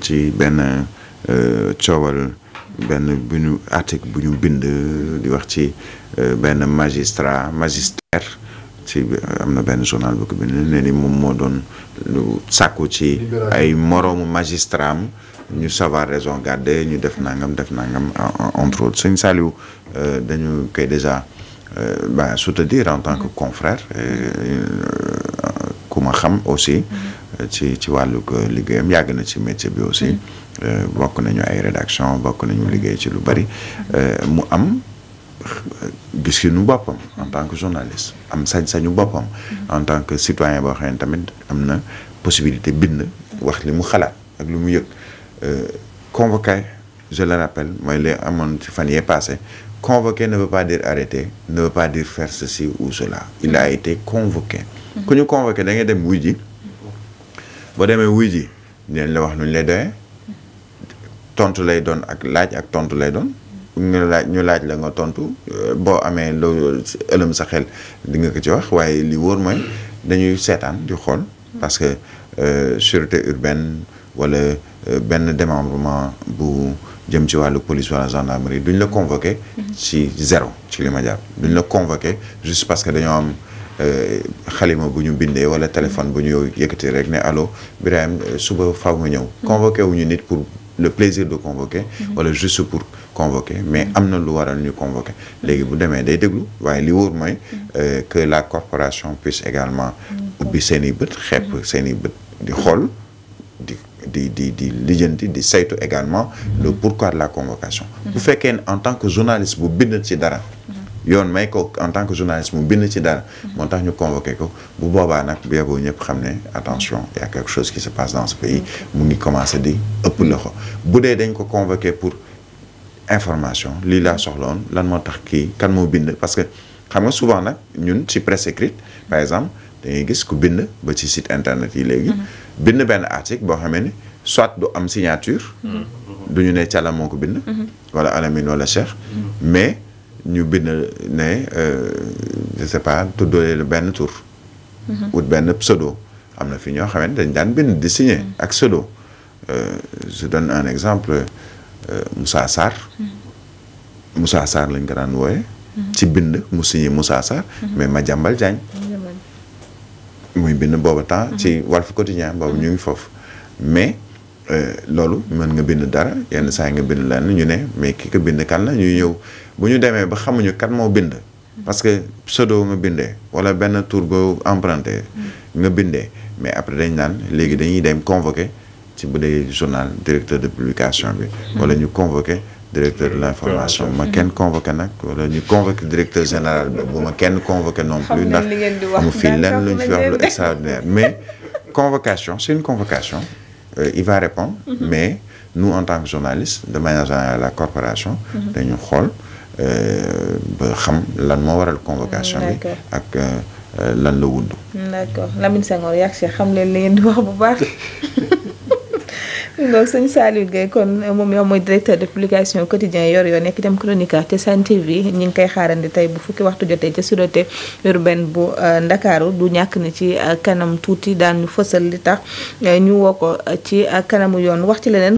ci benn euh, coowal benn bu ñu article bu ñu bind di wax ci euh, benn magistrat magistère ci am na benn journal bu ko bind ne ni moom moo doon lu sàkku ci ay moroomu magistrat ñu savoir raison garder ñu def nangam def nangam entre autres sëñ Saliou euh, dañu koy déjà ba se dire en tant que mm. confrère ku ma xam aussi mm. ci ci wàllug liggéeyam yàgg na ci métier bi aussi mm-hmm. euh, bokk nañu ay rédaction bokk nañu liggéey ci lu bari euh, mu am gisinu boppam en tant que journaliste am sañ-sañu boppam mm-hmm. en tant que citoyen boo xam ne tamit am na possibilité bind wax li mu xalaat ak lu mu yëg euh, convoqué je le rappelle mooy li amoon ci fan yee passé convoqué ne veut pas dire arrêté ne veut pas dire faire ceci ou cela il a mm-hmm. été convoqué ku ñu convoqué da ngay dem wuy ji boo demee wuy ji dinañ la wax nu ñu lay doyee tontu lay doon ak laaj ak tontu lay doon ñu laaj ñu laaj la nga tontu boo amee loo ëlëm sa xel di nga ko ci wax waaye li wóor mooy dañuy seetaan di xool parce que euh, sûreté urbaine wala euh, benn démembrement bu jëm ci wàllu police wala gendarmerie duñ la convoqué mm-hmm. ci zéro ci li ma jàpp duñ la convoqué juste parce que dañoo am Euh, xalima bu ñu bindee wala téléphone bu ñu yëkkati rek ne allo Birahim euh, suba faaw nga ñëw. Mm-hmm. convoqué wu ñu nit pour le plaisir de convoquer. Mm-hmm. wala juste pour convoquer mais mm-hmm. am na lu waral ñu convoquer léegi bu demee day déglu waaye li wóor mooy euh, que la corporation puisse également ubbi seen bët xepp seen i bët di xool di. di di di lijjanti di saytu également le pourquoi de la convocation bu fekkee en tant que journaliste bu bind ci dara yoon may ko en tant que journaliste mu bind ci dara moo tax ñu convoqué ko bu boobaa nag bu yeboo ñëpp xam ne attention il y a quelque chose qui se passe dans ce pays mu ngi commencé di ëpp loxo bu dee dañ ko convoqué pour information lii laa soxlawoon lan moo tax kii kan moo bind parce que xam nga souvent nag ñun ci presse écrite par exemple dangay gis ku bind ba ci site internet yi léegi mm-hmm. bind benn article boo xamee ni soit du am signature mm-hmm. du ñu ne càlla moo ko bind mm-hmm. wala ñu bind ne euh, je sais pas tuddolee benn tur. Mhm. wut benn pseudo. am na fi ñoo xamante dañ daan bind di signer mhm. ak pseudo. Euh, je donne un exemple euh, Moussa Sarr. Mhm. Moussa Sarr lañ ko daan wooye ci bind mu signé Moussa Sarr. mais Madiambal Diagne. muy bind booba temps ci Walf Quotidien boobu ñu ngi foofu mais. loolu mën nga bind dara yenn saa yi nga bind lenn ñu ne mais ki ko bind kan la ñuy ñëw. bu ñu demee ba xamuñu kat moo bind parce que pseudo nga bindee wala benn tour boo emprunté nga bindee mais après dañ naan léegi dañuy dem convoqué ci bu dee journal directeur de publication bi wala ñu convoqué directeur de l'information ma kenn convoqué nag wala ñu convoqué directeur général bi bu ma kenn convoqué non plus ndax mu fii len lu ñu fi wax lu extraordinaire mais convocation c'est une convocation euh, il mhm. mais nu en tant que journalistes de la corporation mhm. dañu xool xam lan moo waral convocation bi ak euh, euh, lan la wund d'accord Lamine Senghor yàgg si xam leen li ngeen di wax bu baax donc sëñ Saliou kon euh, moom yow mooy directeur de publication quotidien yor yoo nekk itam chroniqueur te Sen TV ñi ngi koy xaarandi tey bu fukki waxtu jotee ca sûreté urbaine bu Ndakaaru du ñàkk na ci kanam tuuti daan ñu fësal li tax ñu woo ko ci kanamu yoon wax ci leneen